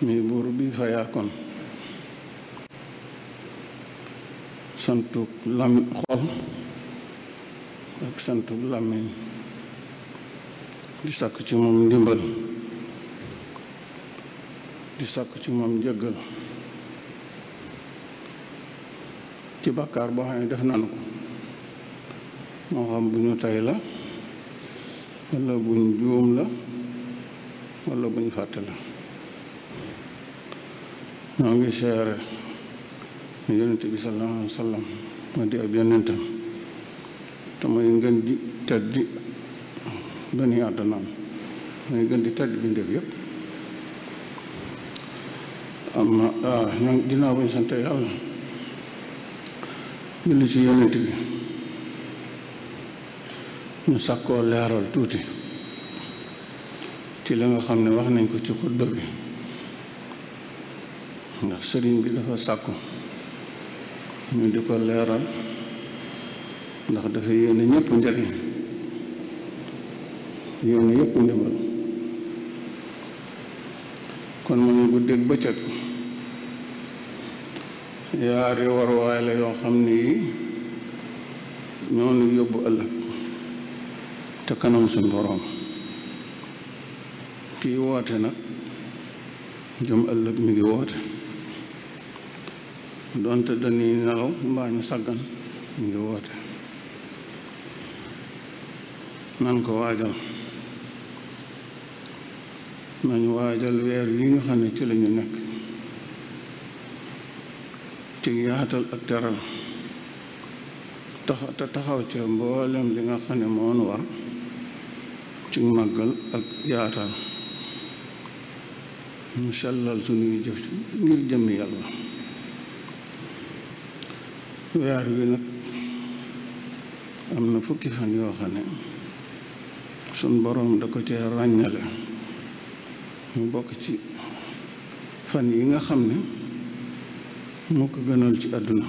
mi buur bi fayaa kon santuk lam xol ak santuk làmmiñ di sàkk ci moom ndimbal di sàkk ci moom njëggal ci bàkkaar boo xam ne def nanu ko moo xam bu ñu tey la walla buñ juum la walla bu fàtte la ñoo ngi seere ne yonent bi sallallahu alayhi wa sallam ma di ab yonentam te mooy ngën di teddi bani àddanaam yépp am na ah, ñoo ginnaaw bu ñu sante yàlla julli ci yonent bi ñu sàkkoo leeral tuuti ci li nga xam ne wax nañ ko ci xutba bi ndax sëriñ bi dafa sàkku ñu di ko leeral ndax dafa yéene ñëpp njariñ yéene yëpp ndimbal kon mu ngi guddeeg bëccëg yaari waruwaay la yoo xam ne yi ñoo nu yóbbu ëllëg te kanam suñ boroom kii woote nag jëm ëllëg mi ngi woote doonte dañuy nelaw mbaa saggan ngi woote nan ko waajal nañu waajal weer yi nga xam ne ci lañu nekk ci yaatal ak teral te taxaw ca mboolem li nga xam ne moon war ci màggal ak yaatal ñu sellal suñuy jëf ngir jëmm yàlla weer wi nag am na fukki fan yoo xam ne sun boroom da ko cee ràññale mu bokk ci fan yi nga xam ne mu ko gënal ci àdduna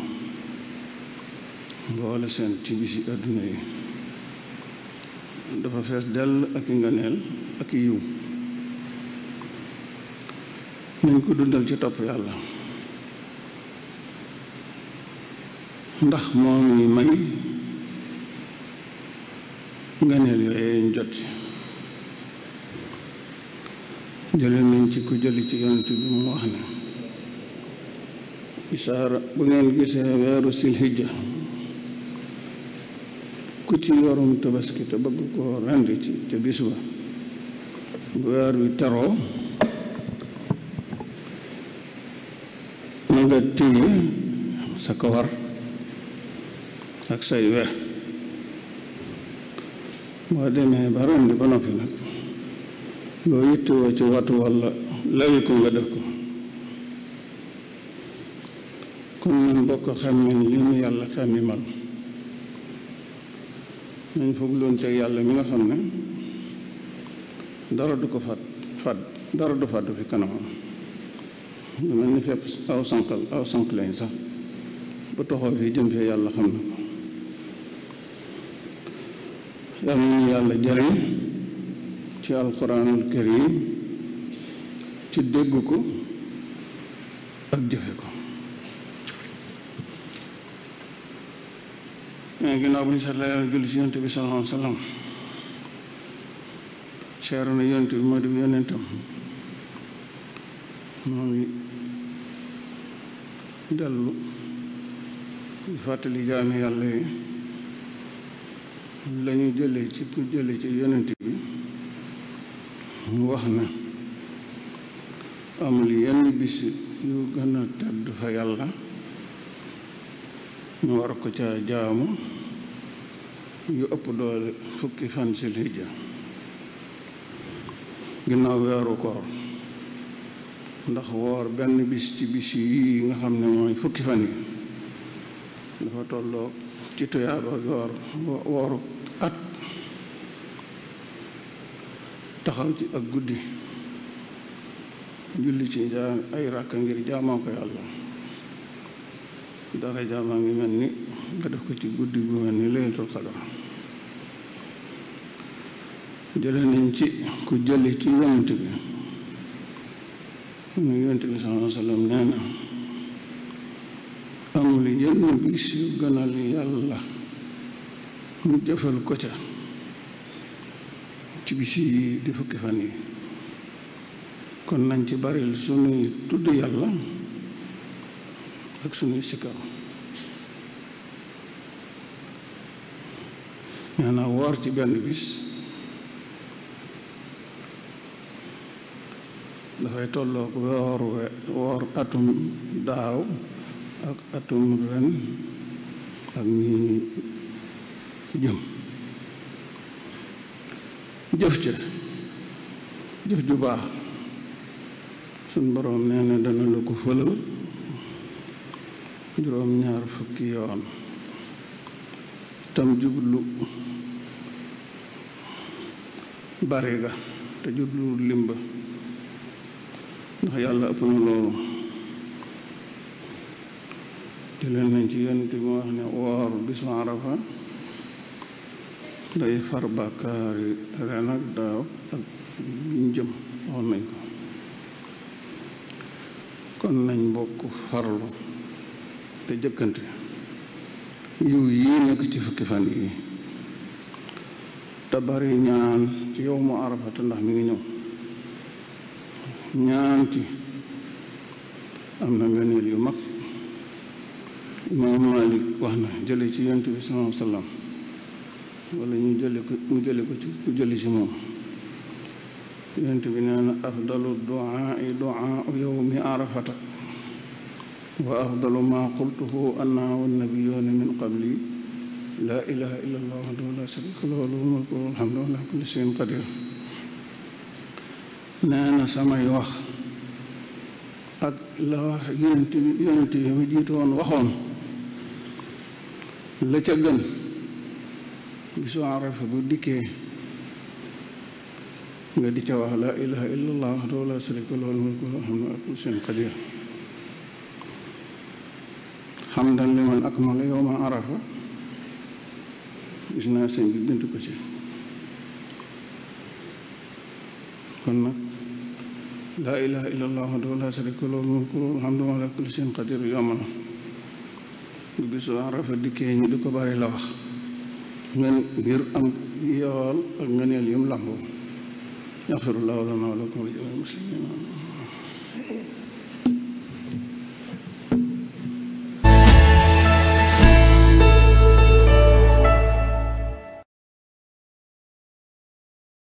mboole seen ci bisi àdduna yi dafa fees dell ak i nganeel ak i yiw nañ ko dundal ci topp yàlla ndax moo nuy may nganeel yooyu ñu jot jële nañ ci ku jëli ci yonent bi mu wax ne isaara bu ngeen gisee weeru silhijja ku ci yorum tabaski te bëgg koo rend ci te bis ba bu weer wi teroo na nga téye sa kawar ak say we boo demee ba rendi ba noppi nag loo yittewoo ci watu walla lawi ko nga def ko kon nan bokk xam nañ li nu yàlla xammi mal nañ foog loon teg yàlla mi nga xam ne dara du ko fat fat dara du fàddu fi kanamam lu ni fépp aw sànq aw sànq lañ sax bu toxoo fii jëm fee yàlla xam na ko yàlla ñu yàlla jariñ ci alquranul karim ci dégg ko ak jëfe ko mais ginnaaw bu ñu sant yàlla julli ci yonent bi sallallahu alayhi wa sallam seeru na yonent bi moo di yonentam moo ngi dellu di fàttali jaami yàlla yi lañu jële jëlee ci ku jëlee ci yonent bi mu wax na amul yenn bis yu gën a tedd fa yàlla ñu war ko ca jaamu yu ëpp doole fukki fan si lija ginnaaw weeru koor ndax woor benn bis ci bis yi nga xam ne mooy fukki fan yi dafa tollook ci tuyaaba yoor wooru taxaw ci ak guddi julli ci jaa ay ràkk ngir jaamoo ko yàlla dara jaamaa ngi mel ni nga def ko ci guddi gu mel ni laylatul qadar jële nañ ci ku jëli ci yonent bi mu yonent bi sallallahu alayhi amul yenn bis yu gënal yàlla mu jëfal ko ci bis yi di fukki fan yi kon nañ ci bari suñuy tudd yàlla ak suñuy sikkar nee na woor ci benn bis dafay tolloog woor woor atum daaw ak atum ren ak ñi jëm jëf ca jëf ju baax suñ boroom nee na dana la ko fëlal juróom ñaar fukki yoon tam jublu bari te jublu limba ndax yàlla ëpp na loolu jëleen nañ ci yonent bi mu wax ne woor bisu arafa day far bàkkaar yi ren ak daaw ak jëm waxoon nañ ko kon nañ bokk farlu te jëkkante yiw yi nekk ci fukki fan yi te bari ñaan ci yow mu arafata ndax mi ngi ñëw ñaan am na ngëneel yu mag imaam Maalik wax na jële ci yonent bi sallallahu alayhi wa sallam wala ñu jële ko mu jële ko ci ñu jële ci moom yonent bi nee na afdalu duaai duaau yowmi arafata wa afdalu ma qultuhu ana wannabiyuuna min qabli laa ilaha illa allah wahdahu la sharika lahu lahul mulku wa alhamdu ala kulli shay'in qadir nee na samay wax ak la wax yonent yonent yi mu jiitu woon waxoon la ca gën bisu arafa bu dikkee nga di ca wax laa ilaha illallah waxdahu laa sharika lahu lahul mulku wa huwa ala kulli shay'in qadir xamdan liman akmala yowma arafa gis naa sëñ bi bind ko ci kon nag laa ilaha illallah waxdahu laa sharika lahu lahul mulku wa huwa ala kulli shay'in qadir yomb na bu bisu arafa dikkee ñu di ko bari la wax ngeen ngir am yool ak ngëneel yum làmboo yaxfirullahu lana wa lakum wa li jamiil muslimiin